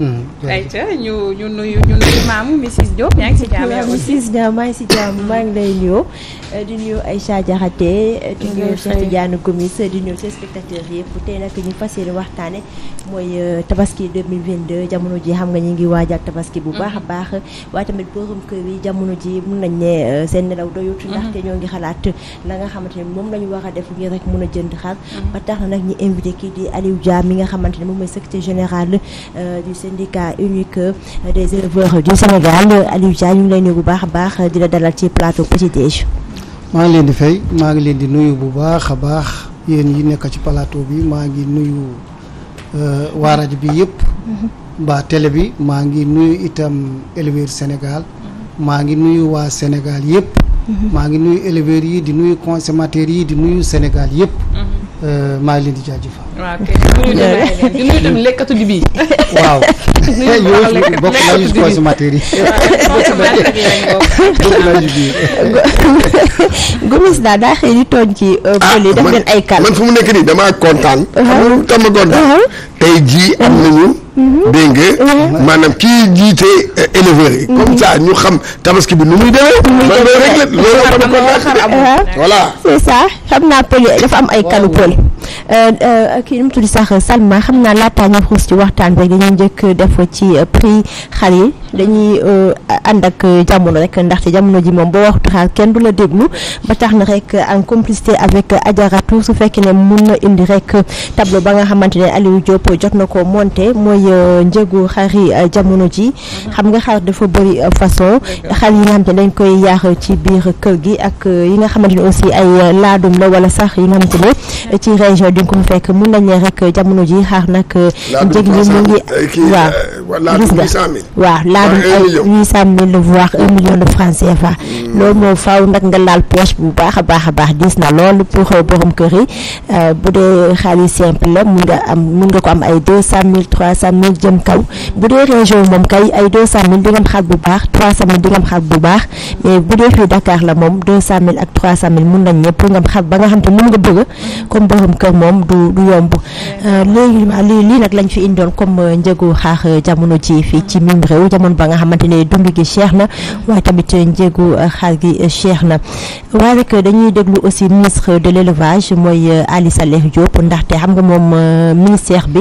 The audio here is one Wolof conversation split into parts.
ayca mm-hmm. eh? ñu ñu nuyu ñu nuyu maamu Mrs Diop yaa ngi si jàmm yaa Mrs Diop maa ngi si jàmm mm-hmm. maa ngi lay nuyu eh, di nuyu Aïcha Diakhaté eh, di nuyu Cheikh Tidiane Gomis di nuyu ses spectateurs yëpp tey nag ñu fas yéene waxtaane mooy tabaski jamono ji xam nga ñu ngi waajal tabaski bu baax a mm-hmm. baax waaye tamit borom kër yi jamono ji mun nañ ne seen nelaw doyut te ñoo ngi xalaat la nga xamante ne moom la ñu war a def ngir rek mun a jënd xar ba tax na nag ñu invité kii di Aliou jaam mi nga xamante ne moom mooy secrétaire général syndicat unique des éleveurs du Sénégal Aliou Dia ñu ngi lay bu baax a baax di dalal ci plateau Petit Déj. maa ngi leen di fay maa ngi leen di nuyu bu baax a baax yéen yi nekk ci plateau bi maa ngi nuyu euh, waa rajo bi yëpp. mbaa bi maa ngi nuyu itam éleveur Sénégal. maa ngi nuyu waa Sénégal yëpp. Mm-hmm. maa ngi nuyu éleveurs yi di nuyu consommateurs yi di nuyu Sénégal yëpp. maa leen di jaajëfal. Ah, waaw kay nuyu tamit nuyu lekkatu di bii. waaw. nuyu tamit daa xëy di tooñ ci euh, ah, pël man fu mu nekk nii damaa kontaan. xam nga lu tax ma kontaan. Uh-huh. tey jii am nañu. Mhm. dégg nga. maanaam kii jiite euh, éleveurs yi. comme mhm. ça ñu xam tabaski bi nu muy demee. loolu rek loolu la voilà. c'est ça xam naa pël dafa am ay kanu pël. Euh, euh, kii nu mu sax Salma xam naa laataa ñu xuus ci waxtaan rek dañuy njëkk def ci prix xale yi dañuy ànd ak jamono rek ndaxte jamono ji moom boo waxtu xaar kenn du la déglu ba tax na rek en complicité avec Adjaratou su fekkee ne mun na indi rek tableau ba nga xamante ne Aliou Diop jot na ko monté mooy. mooy euh, njëgu xari jamono ji mhm. xam nga xar dafa bëri euh, façon xar yi nga xam ne dañ koy yaax ci biir kër gi ak euh, yi nga xamante ne aussi ay laadum la wala sax yi nga xamante ne ci région di ko fekk mun nañ ne rek jamono ji xar nag njëg li mu ngi waaw gis nga waaw laadum ay huit cent mille voire un million de francs CFA hmm. loolu moo faaw nag nga laal poche bu baax a baax a baax gis na loolu pour borom kër bu dee xaalis simple la mun nga am mun nga ko am ay deux cent cent mille jëm kaw bu dee région moom kay ay deux cent mille di bu baax trois cent mille di bu baax mais bu dee fii Dakar la moom deux cent mille ak trois cent mille mun nañ ñëpp nga xaaj ba nga xam te mun nga bëgg comme borom kër moom du du yomb euh, léegi lii lii nag lañ fi indoon comme euh, njëgu xaar euh, jamono ji fii ci mim réew jamono ba nga xamante ne dund gi cher na waaye tamit njëgu xaar gi cher na waaye rek dañuy déglu aussi ministre de l'élevage mooy Aly Saleh Diop ndaxte xam nga moom ministère bi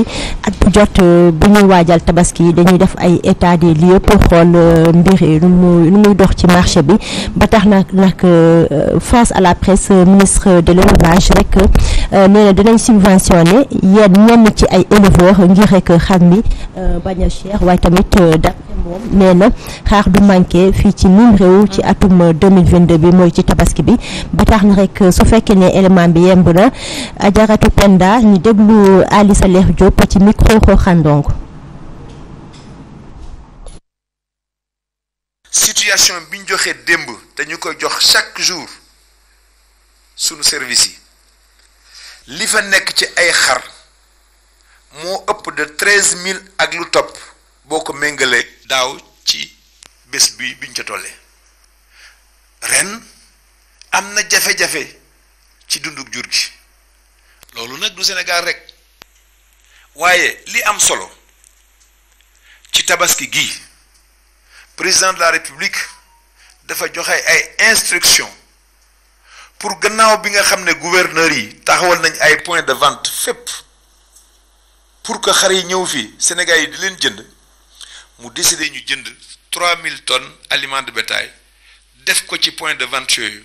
bu ñuy waajal tabaski yi dañuy def ay état des lieux pour xool euh, mbir lu muy dox ci marché bi ba tax nag nag euh, face à la presse euh, ministre de l'élevage rek nee na dinañ subventionné yenn ñenn ci ay éleveurs ngir rek xar mi bañ a cher waaye tamit da moom nee na xaar du manqué fii ci mim réew ci atum 2022 bi mooy ci tabaski bi ba tax na rek su fekkee ne élément bi yemb na ajaratu penda ñu déglu Ali Saleh Diop ci micro xooxandong situation bi ñu démb dañu ñu koy jox chaque jour sunu service yi li fa nekk ci ay xar moo ëpp de treize mille ak lu topp boo ko méngalee daaw ci bés bi biñ ca tollee ren am na jafe-jafe ci dunduk jur gi loolu nag du Sénégal rek waaye li am solo ci tabaski gi président de la république dafa joxe ay instructions pour gannaaw bi nga xam ne gouverneurs yi taxawal nañ ay point de vente fépp pour que xar yi ñëw fii Sénégal yi di leen jënd mu décidé ñu jënd mille tonnes aliment de bétail def ko ci point de vente yooyu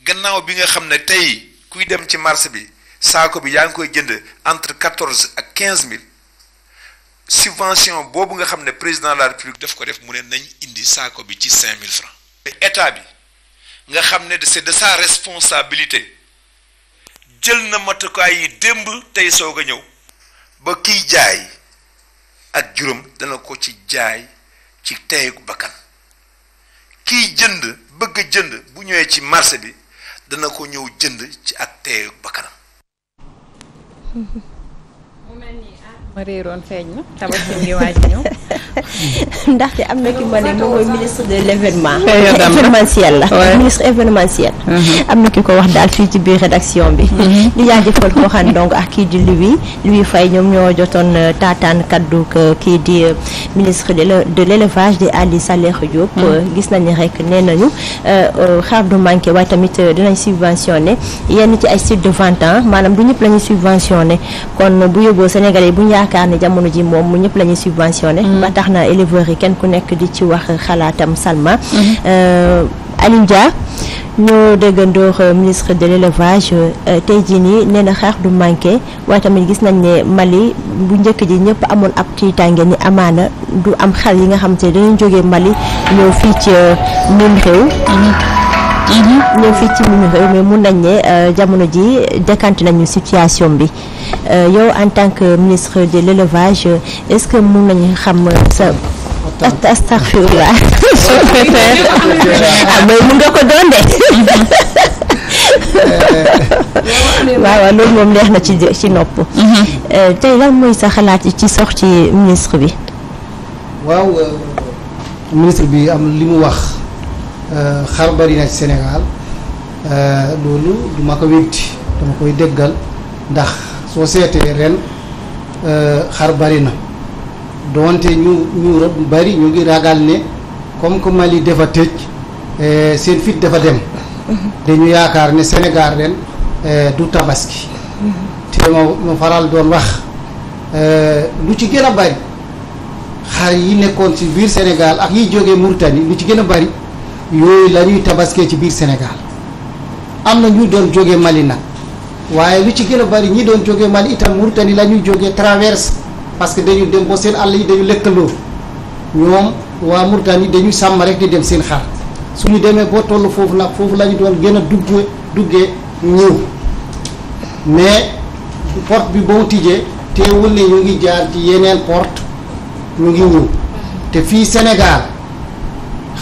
gannaaw bi nga xam ne tey kuy dem ci marché bi saako bi yaa ngi koy jënd entre 14 ak mille subvention boobu nga xam ne président la république daf ko def mu ne nañ indi saako bi ci 5000 francs état bi nga xam ne c'est de sa responsabilité jël na matukaay yi démb tey soog a ñëw ba kiy jaay. ak juróom dana ko ci jaay ci teyeku bakkan kiy jënd bëgg jënd bu ñëwee ci marché bi dana ko ñëw jënd ci ak teyeku bakkanam ma réeroon feeñ ndaxte am na ki ma ne moom mooy ministre de l' événement. événementiel ministre événementiel. Mm-hmm. am na ki ko wax daal fii ci biir rédaction bi. Mm-hmm. di jaajëfal ko xam donc ak kii di Louis Louis fay ñoom ñoo jotoon euh, taataan kaddu euh, kii di euh, ministre de l' élevage di Ali Saleh Diop. Mm-hmm. gis nañu rek nee nañu xaar du manqué waaye tamit dinañ subventionné yenn ci ay sites de vente ah, maanaam du ñëpp la ñuy kon bu yóbboo Sénégalais bu ñu yaakaar ne jamono ji moom mu ñëpp la ñuy subventionné mm. ba tax na éleveurs yi kenn ku nekk di ci wax xalaatam Salma mm-hmm. euh, Alioune Dia ñoo dëggandoor euh, ministre de l'élevage euh, tey jii nii nee xaar du manqué waaye tamit gis nañ ne Mali bu njëkk ji ñëpp amoon ab tiitaange ni amaana du am xal yi nga xam te dañu jóge Mali ñëw fii ci mim réew mm-hmm. Mm-hmm. fii ci mim réew mais mun nañ ne jamono ji jàkkante nañu situation bi Euh, yow en tant que ministre de l'élevage est-ce que mën nañu xam euh, sa astaghfirullah mooy mun nga ko doon euh. waaw loolu moom neex na ci nopp mhm. tey lan mooy sa xalaat ci sorti ministre bi waaw ministre bi am li mu wax xar bari na ci Sénégal loolu du ma ko wétti dama koy déggal ndax soo seetee ren euh, xar bari na doonte ñu ñu bari ñu ngi ragal ne comme que Mali dafa tëj euh, seen fit dafa dem dañu yaakaar ne Sénégal ren euh, du tabaski te ma ma faral doon wax lu ci gën a bari xar yi nekkoon ci biir Sénégal ak yiy jógee Mauritanie lu ci gën a bari yooyu la ñuy tabaskee ci biir Sénégal am na ñu doon jóge Mali nag waaye lu ci gën a bari ñi doon jógee Mali itam Mauritanie la ñuy jógee traverse parce que dañu dem ba seen àll yi dañu lëkkaloo ñoom waa Mauritanie dañuy sàmm rek di dem seen xar suñu demee boo toll foofu nag foofu la ñu doon gën a dugg duggee ñëw mais porte bi ba mu tijjee teewul ne ñu ngi jaar ci yeneen port ñu ngi ñëw te fii senegaal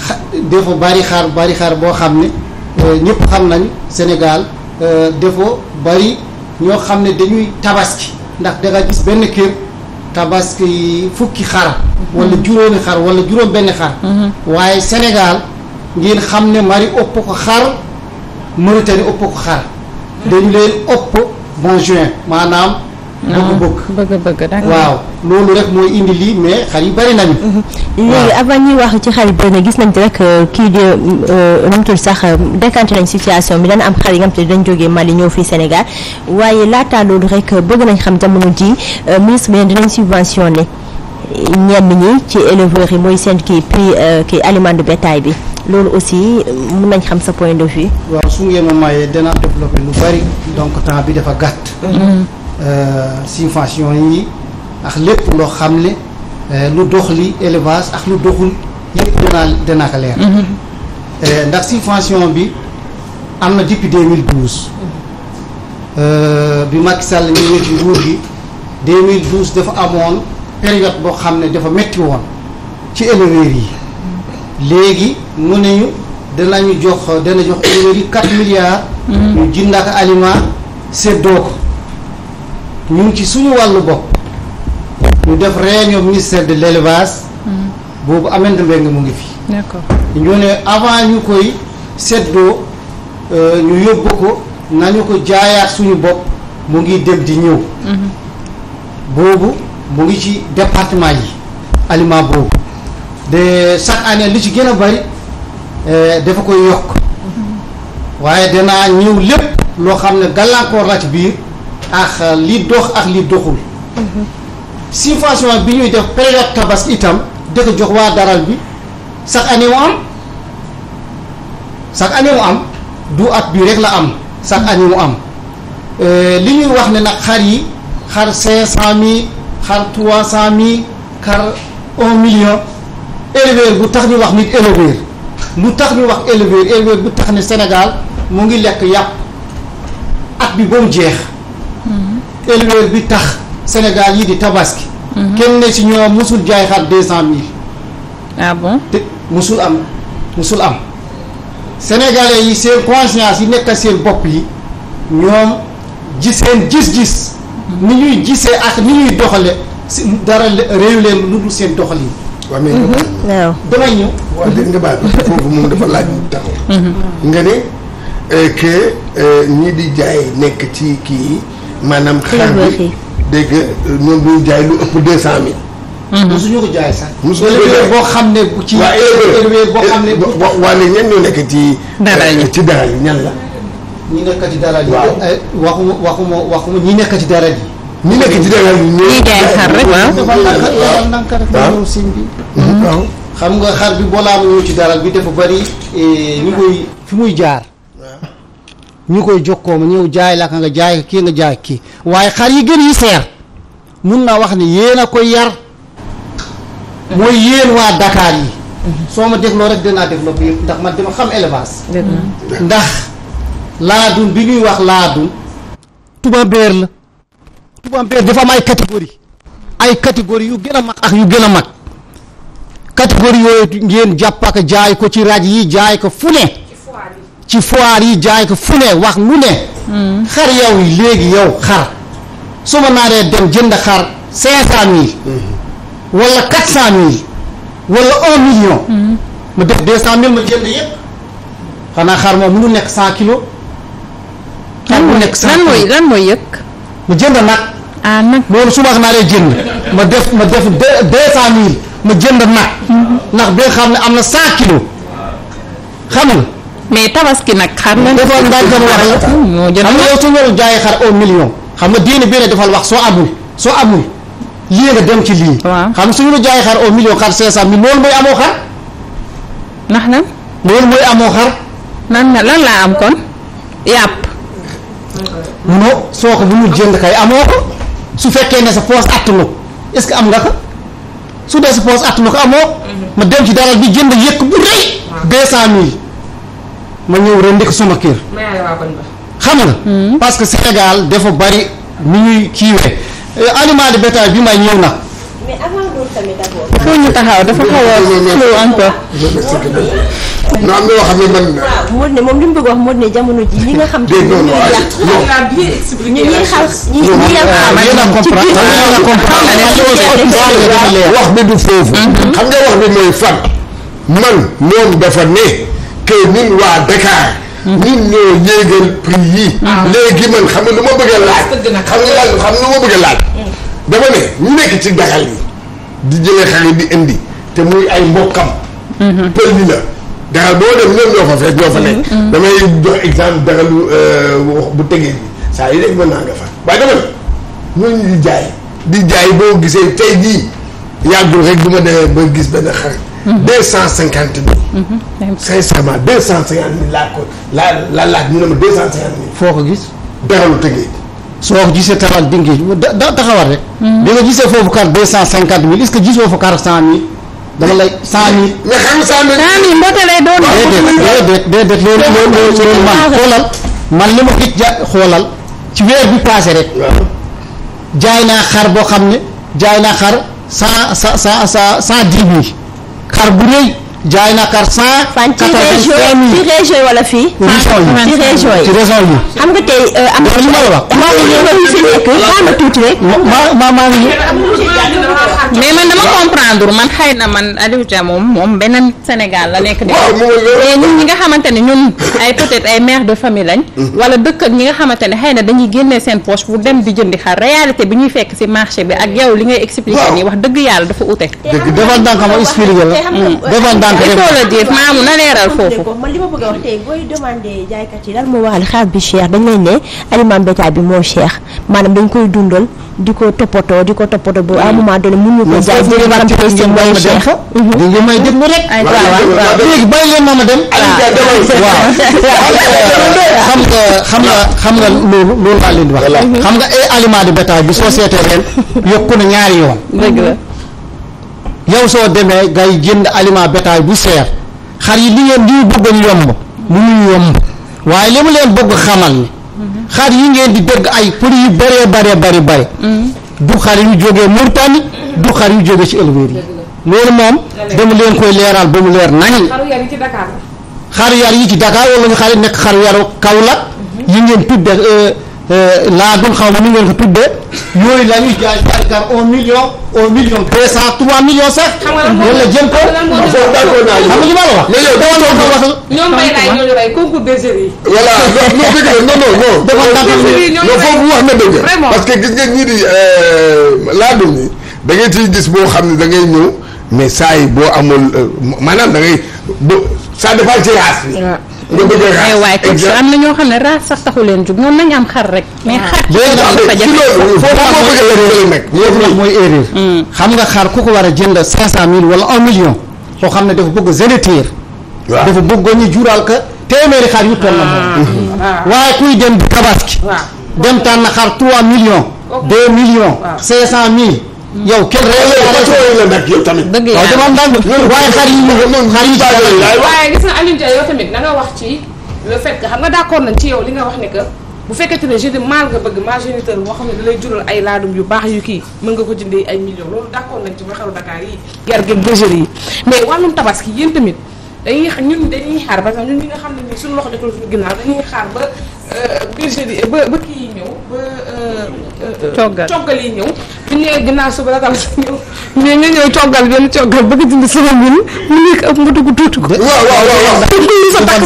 xa dafa bari xaar bari xar boo xam ne euh, ñëpp xam nañu Sénégal Euh, défaut bari ñoo xam ne dañuy tabaski ndax danga gis benn kër tabaski fukki xar wala mhm. juróomi xar wala juróom benn xar mhm. waaye Sénégal ngeen xam ne mari ëpp ko xar Mauritanie ëpp ko xar mhm. dañu leen ëpp bon juin maanaam Ah, bëgg bëgg waaw loolu rek mooy indi lii mais xar yi bëri nañu. Mhm. léegi avant ñuy wax ci xar yi bëri na gis nañ ci rek euh, kii di euh, nu mu tudd sax euh, décanté nañ situation bi dana am xar yi nga xam te dañ jógee Mali ñëw fii Sénégal waaye laataa loolu rek bëgg nañ xam jamono ji ministre bi dinañ subventionné ñenn ñi ci éleveurs yi mooy seen ki prix kii aliment de bétail bi loolu aussi mun nañ xam sa point de vue. waaw su ngeen ma mayee danaa développé lu bëri donc bi dafa gàtt. Mhm. Euh, subvention yi ak lépp loo xam ne euh, lu dox li élevage ak lu doxul yëpp danaa danaa leer mhm. euh, ndax subvention bi am na depuis 2012 bi Macky Sall ñëwee ci nguur gi 2012 dafa amoon période boo xam ne dafa metti woon ci éleveurs yi léegi mu ne ñu danañu jox dana jox éleveurs yi 4 milliards mhm. ñu jënd ak aliment seddoo ko ñun ci suñu wàllu bopp ñu def réunion ministère de l' élevage boobu amante mbeng mu ngi fi d'accord ñoo ne avant ñu koy seddoo euh, ñu yóbbu ko nañu ko jaayaat suñu bopp mu ngi dem di ñëw mhm. boobu mu ngi ci département yi aliment boobu de chaque année lu ci gën a bari euh, dafa koy yokk mhm. waaye danaa ñëw lépp loo xam ne gàllankoor la ci biir ak lii dox ak li doxul subvention bi ñuy def période tabas itam dëkk jox waa daral bi chaque année mu am sax année mu am du at bi rek la am sax année mu am euh, li ñuy wax ne nag xar yi xar cinq cent mille xar trois cent mille xar un million éleveur bu tax ñu wax nit éleveur lu tax ñu wax éleveur éleveur bu tax ne Sénégal mu ngi lekk yàpp at bi ba mu jeex éleveur bi tax Sénégal yi di tabaski. Mhm. kenn ne ci ñoom musul jaay xar deux cent mille. ah bon te musul am musul am. sénégalais yi seen conscience yi nekk seen bopp yi ñoom ji seen gis-gis. Mhm. ni ñuy gisee ak ni ñuy doxale si dara réew leen lu dul seen doxal yi. waaw mais waaw mhm. damay ñëw. waaw dégg nga baal foofu moom dafa laaj taxaw. nga ne euh, que euh, ñi di jaay nekk ci kii maanaam xar bi dégg nga ñoom ñuy jaay lu ëpp deux cent mille. Mhm. mosuñu ko jaay sax. mosuñu ko jaay boo xam ne ci. waa éleveur boo xam ne eh, waa léegi ñan ñoo nekk ci. dara yi ci dara yi ñan la. ñi nekk ci dara yi. waaw eh, waxuma waxuma ñi ci dara yi. ñi nekk ci dara yi ñuy jaay xar rek waaw. dafa mhm. xam nga xar bi boo laa ñëw ci dara bi dafa bari. ñu eh, koy fi muy jaar. ñu koy jokkoo ma ñëw jaay la ka nga jaay kii nga jaay kii waaye xar yi gën yi seer mun naa wax ni yéen a koy yar mooy yéen waa Dakar yi soo ma def dégloo rek danaa développé yëpp ndax man dama xam élevage ndax laadun bi ñuy wax laadun tubambeer la tubambeer dafa am ay catégorie ay catégorie yu gën a mag ak yu gën a mag catégorie yooyu ngeen jàpp ak jaay ko ci rajo yi jaay ko fu ne ci foire yi jaay ko fu ne wax lu ne. Hmm. xar yow léegi yow xar su ma naaree dem jënd xar cinq cent mille. Hmm. wala quatre cent mille. wala un million. Hmm. ma def deux cent mille ma jënd xanaa xar moom mënu nekk cent kilos. xar mu nekk cent kilos lan mooy lan jënd nag. ah nag loolu su ma naaree jënd. ma def ma def deux cent mille ma jënd nag. ndax bi xam ne am na cent kilos. xam mais tabaski nag. xam nga dafa am daañu war a xam nga yow su ñu jaayee xar au million. xam nga diine benn wax soo amul soo amul lii nga dem ci lii. xam nga su ñu jaayee xar au million xar 500000 loolu mooy amoo xar. ndax nag. loolu mooy amoo xar. nan la laa am kon yàpp. munoo soo ko jënd kay amoo su fekkee ne sa poos attanu est-ce que am nga ko su dee sa poos attanu ko amoo. Mhm. ma dem ci dalal bi jënd yëkk bu rëy. ma ñëw rendi ko sama kër. xam nga. Hmm. parce que Sénégal dafa bari nu ñuy kiiwee eh, aliment de bi may ñëw nag. mais avant loolu tamit d'abord. ñu taxaw dafa xaw a am na xam ne wax bi du foofu. Mm-hmm. xam nga wax bi mooy fan. man moom dafa ne. que ñun waa Dakar. ñun ñoo yéegal prix yi. Ah. léegi man xam nga lu ma bëgg a laaj. xam nga lan xam nga lu ma bëgg a laaj. Hmm. dama ne ñu nekk ci daxal yi di jëlee xarit di indi te muy ay mbokkam. Hmm. pël yi la. daxal boo dem ñoom hmm. euh, bu tegee bi saa yi rek di jaay. di jaay boo gisee tey jii yàggul rek bu ma demee ba gis benn xarit. deux cent cinquante mille. cinq mhm. cent mille deux cent cinquante mille laa ko laa laa laaj ñu ne ma deux cent cinquante mille. foo ko gis. daralu tëggee. soo ko gisee taxawal di nga da taxawal rek. bi mhm. nga gisee foofu kar deux cent cinquante mille est-ce que gisoo fa kar cent mille. dama lay cent mille. mais xam nga cent mille. cent mille mboote lay doon. déedéet déedéet déedéet loolu loolu loolu man xoolal man li ma gis ja xoolal ci weer bi passé rek. jaay naa xar boo xam ne jaay naa xar cent cent cent cent dix mille. bàkkaar bu rëy jaay na car cent. fan euh, ci région ci région wala fii. xam na. li ma la wax maa ngi ñëw tuuti rek. ma maa ngi mais man dama comprendre man xay na man Aliou moom moom benn Sénégal la nekk. mais ñun ñi nga xamante ne ñun ay peut-être ay mère de famille lañ. Mhm. wala dëkk ak ñi nga xamante ne xëy na dañuy génnee seen poche pour dem di jëndi xar réalité bi ñuy fekk ci marché bi ak yow li ngay expliqué nii wax dëgg yàlla dafa ute. comprendre il faut le dire maamu na leeral foofu. man li a wax tey booy demandé jaaykat bi cher dañ lay ne aliment bétail bi moo cher maanaam dañ koy dundal di ko toppatoo di ko toppatoo ba à un moment donné ko jaay mhm. di di may déglu rek. ay waaw waaw léegi bàyyi leen ma ma dem. xam nga xam nga xam nga loolu loolu laa leen di wax. Mhm. xam nga ay eh, aliment de bi société ren yokku na ñaari yoon. yow soo demee ngay jënd aliment betaay bu seer xar yi li ngeen li ñu bëggoon yomb mu ñu yomb waaye li mu leen bëgg xamal ni xar yi ngeen di dëgg ay prix yu bëree bare bari bëri du xar yu jógee Mauritanie du xar yu jógee ci éleveurs yi loolu moom dama leen koy leeral ba mu leer nañ xar yar yi ci Dakar wala ñu xar yi nekk xar yaru Kaolack yi ngeen tudde euh, Euh, laadum xaw ma nu ngeen ko tuddee yooyu la ñuy jaay par un million un million deux cent trois millions sax. wala jëm ko. foofu d'accord naa yow. xam nga li ma la wax. mais yow dawal loolu wax la. ñoom bay laay ñoo ñu rey concours bergerie. la non non non. parce que gis nga ñii di euh, laadum yi da boo xam ne da ngay ñëw mais saa boo amul euh, maanaam da ngay ba ça dépend nga bëgg a eh, am na ñoo xam ne raas sax taxu leen jug noonu nañu am xar rek. mais ah. xar mooy hmm. xam nga xar ku ko war a jënd 500000 wala 1 million. soo xam ne dafa bëgg génétir. waaw dafa bëgg ñu jural ka téeméeri xar yu toll na ah. hmm. ah. waaye kuy dem tabaski. dem tànn xar 3 millions. 2 millions. 500000. yow kenn yow yow dëgg yàlla waaw damaa waaye xar yi ñu xar yi waaye gis na Alioune Ndiaye yow tamit na nga wax ci le fait que xam nga d'accord nañ ci yow li nga wax ne que bu fekkente ne jeu de nga bëgg ma géniteur boo xam ne da lay jural ay laadum yu baax yu kii mën nga ko jëndee ay millions loolu d'accord nañ ci ba xaru Dakar yi. gerte gi bergerie yi mais wàllum tabaski yéen tamit dañuy ñun dañuy xaar parce que ñun ñi nga xam ne nii suñu loxo jotul suñu ginnaaw dañuy xaar ba euh, bergerie ba ba kii yi ñëw ba. coggal euh, euh, coggal yi ñëw bu ñëwee ginnaaw suba la tam si ñëw mais nga ñëw coggal benn coggal bëgg jënd sama mil mu nekk ëpp nga dugg tuuti ko. waaw waaw waaw tuuti sa takk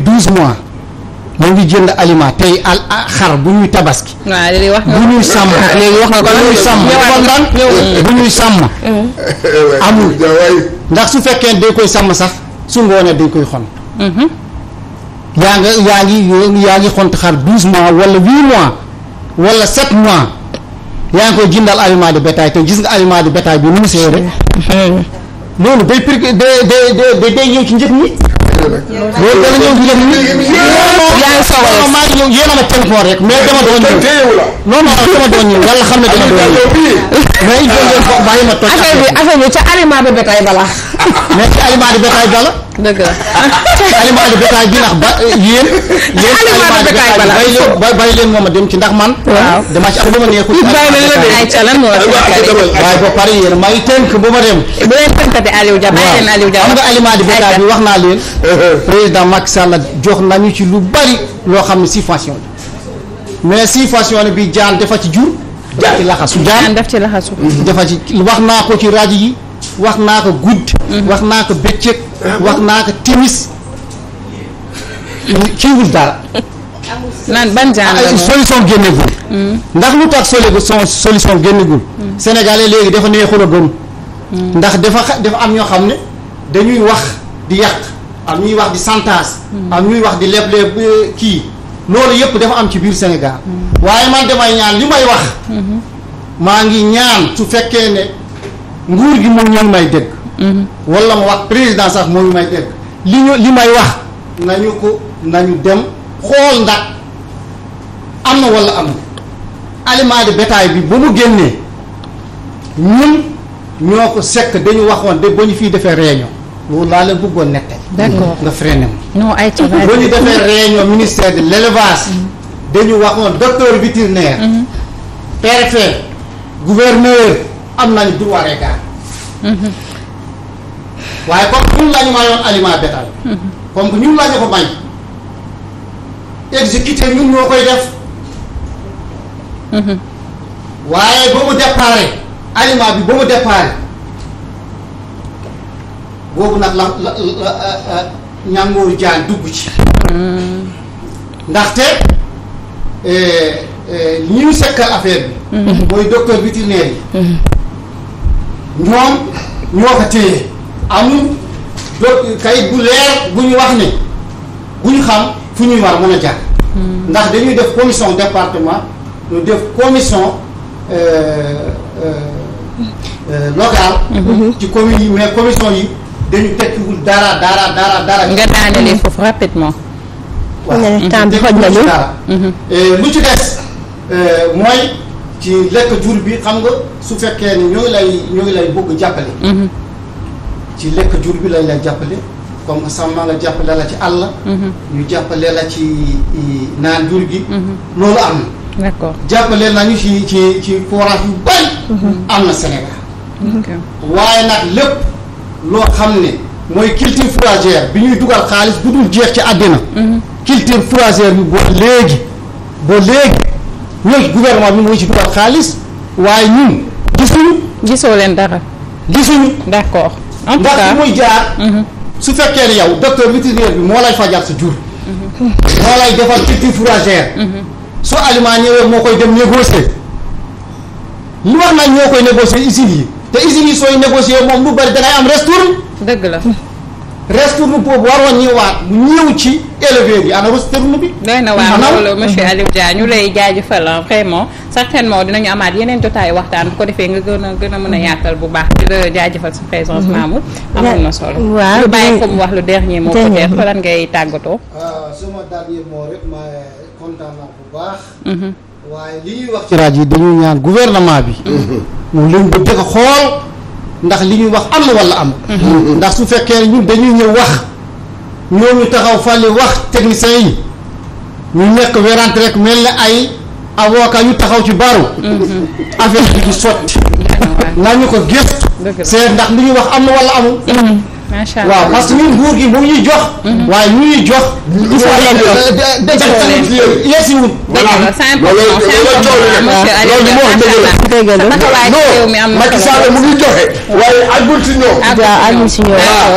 ay xar mois mu jënd aliment tey al xar bu ñuy tabaski. waaw sàmm. léegi wax nga ko bu bu ñuy sàmm. amul ndax su fekkee dañ koy sàmm sax su ngoonee dañ koy xon. yaa nga yaa ngi yaa ngi xont xar douze mois wala huit mois wala sept mois yaa ngi koy jëndal aliment de bétail te gis nga aliment de bétail bi nu mu seere loolu day prix day day day ñëw ci njëg ñi. loolu dana ñëw ci njëg ñi. yaa ngi soog a maa ngi ñëw yéen a ma téléphone rek mais dama doon ñëw. non non dama doon ñëw yàlla xam ne dama doon ñëw. mais il faut ngeen bàyyi ma toj. affaire bi affaire bi ca aliment de bétail bala. mais ci aliment de bétail bala. dëgg la bi ndax ba yéen. yéen aliment de bétail balaa bay bay leen moom a dem ci ndax man. waaw damaa ci am lu ma neexul. bàyyi na la de ay ca ba pare yéen may tënk bu ma dem. bu leen tënkate Aliou Dia bàyyi leen Aliou Dia. xam nga aliment de bétail bi wax naa président Macky Sall nañu ci lu bari loo xam ne subvention la mais subvention bi jaan dafa ci jur. dafa ci laxasu jaan def ci laxasu. dafa ci wax naa ko ci rajo yi wax naa ko gudd. Mm-hmm. wax naa ko bëccëg wax naa ko timis kiiwul dara. naan ban genre solution génneegul. Hmm. ndax lu tax solution solution génneegul. Hmm. Sénégalais léegi dafa neexul a gëm. Hmm. ndax dafa dafa am ñoo xam ne dañuy wax di yàq am ñuy wax di santage am ñuy wax di leble eh, kii loolu yëpp dafa am ci biir Sénégal. waaye man damay ñaan li may wax. maa ngi ñaan su fekkee ne nguur gi moom ñoom may dégg. Mm-hmm. wala ma wax président sax mooy may dégg li ñu li may wax nañu ko nañu dem xool ndax am na wala am na aliment de betaay bi ba mu génnee ñun ñoo ko sekk dañu waxoon de ba ñu fii defee réunion loolu laa leen bëggoon nette d'accord nga freiné ma non ay ba ñu defee mm-hmm. réunion ministère de l'élevage dañu waxoon docteur vétérinaire mm-hmm. préfet gouverneur am nañu droit regard waaye comme ñun la ñu mayoon aliment bétail. comme que ñun la ñu ko bañ. exécuté ñun ñoo koy def. Mhm. waaye ba mu départ aliment bi ba mu départ boobu nag la la la jaan dugg ci. Mhm. ndaxte ñi eh, eh, ñu sekkal bi. Mhm. mooy docteur vétérinaire yi. ñoom ñoo ko téye. amul do kayit bu leer bu ñu wax ne bu xam fu ñuy war mën a jaar ndax dañuy def commission département ñu def commission euh, euh, euh, locale mhm. ci commune yi mais commission yi dañu tekkiwul dara dara dara dara nga daanelee foofu rapidement waaw temps bi xoj nañu dara mhm. lu ci des mooy ci lekk jur bi xam nga su fekkee ni ñoo lay ñoo ngi lay bëgg jàppale mhm. ci lekk jur bi lañ la jàppale comme que sàmma nga jàppale la ci àll mhm. ñu jàppale la ci naan jur gi mhm. loolu am na d'accord jàppale nañu ci ci ci forage yu bari mhm. am na Sénégal waaye nag lépp loo xam ne mooy culture fourragère bi ñuy dugal xaalis bu dul jeex ci àddina culture fourragère bi ba léegi ba léegi ñun gouvernement bi mooy ci dugal xaalis waaye ñun gisuñu gisoo leen dara gisuñu d'accord en tout muy jaar. Mhm. su fekkee ne yow docteur vétérinaire bi moo lay fajal sa jur. Mhm. moo lay defal culture fourragère. Mhm. su aliment ñëwee moo koy dem négocier. lu wax nag ñoo koy négocier usines yi te usines yi sooy négocier moom lu bari dangay am restourne. dëgg la restourne boobu waroon ñëwaat ñëw ci. éleveurs yi ana resternu bi doy na waar loolu monsieur Aliou Dia ñu lay jaajëfal ah, vraiment certainement dinañu amaat yeneen jotaayu waxtaan bu ko defee nga gën a gën a mën a mm-hmm. yaatal bu baax di la jaajëfal sa présence mm-hmm. Mamour amoon na solo waaw ñu bàyyi ko mu wax lu dernier mot peut-être lan ngay tàggatoo euh, sama dernier mot rek ma kontaan naa bu baax mm-hmm. waaye li ñuy wax ci rajo yi dañuy ñaan gouvernement bi moom lañ bëgg a xool ndax li ñuy wax am na am ndax su fekkee ñun dañuy ñëw wax ñooñu taxaw fàlli wax technicien yi ñu nekk werante rek mel na ay avocat ñu taxaw ci baaru mm-hmm. affaire bi di sotti nañu ko gëstu seet ndax li ñu wax am na wala amul mm-hmm. macha allah waaw parce que ñun nguur gi mu ngi ñuy jox. Mhm. waaye ñu ngi jox. ñu ngi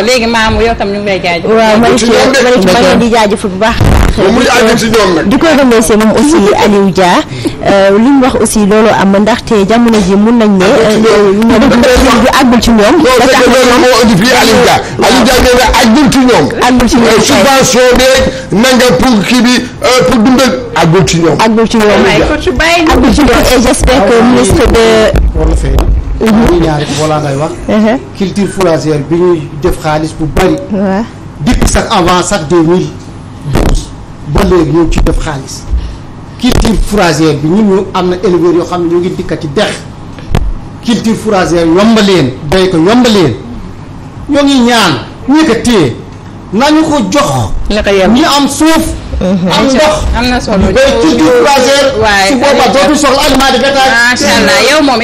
léegi maam yow tam ñu ngi lay jaajëf. waaw ma leen di jaajëf bu baax. di ko remercier moom aussi Aliou Dia euh, li mu wax aussi loolu am ndaxte jamono ji mun nañ ne. àggul ci ñoom. Euh, àggul ci ñoom. Aliou Diagne nee na àggul ci ñoom. àggul ci ñoom euh, subvention beeg nanga pour kii bi euh, pour dundal àggul ci ñoom. àggul ci ñoom àggul ci ñoom et j'espère que ministre de. muy ñaari voilà ngay wax. Uh-huh. culture fourragère bi ñuy def xaalis bu bari. waaw depuis sax avant sax deux mille douze ba léegi ñu ngi ci def xaalis culture fourragère bi ñun ñu am na éleveurs yoo xam ne ñu ngi dikkati dex culture fourragère yombaleen béy ko yombaleen ñoo ngi ñaan ñi ko téye nañu ko jox. ñi am suuf. Mhm. am ndox am na solo bay ci 3 heures. su boobaa dootul soxla aliment de bétail.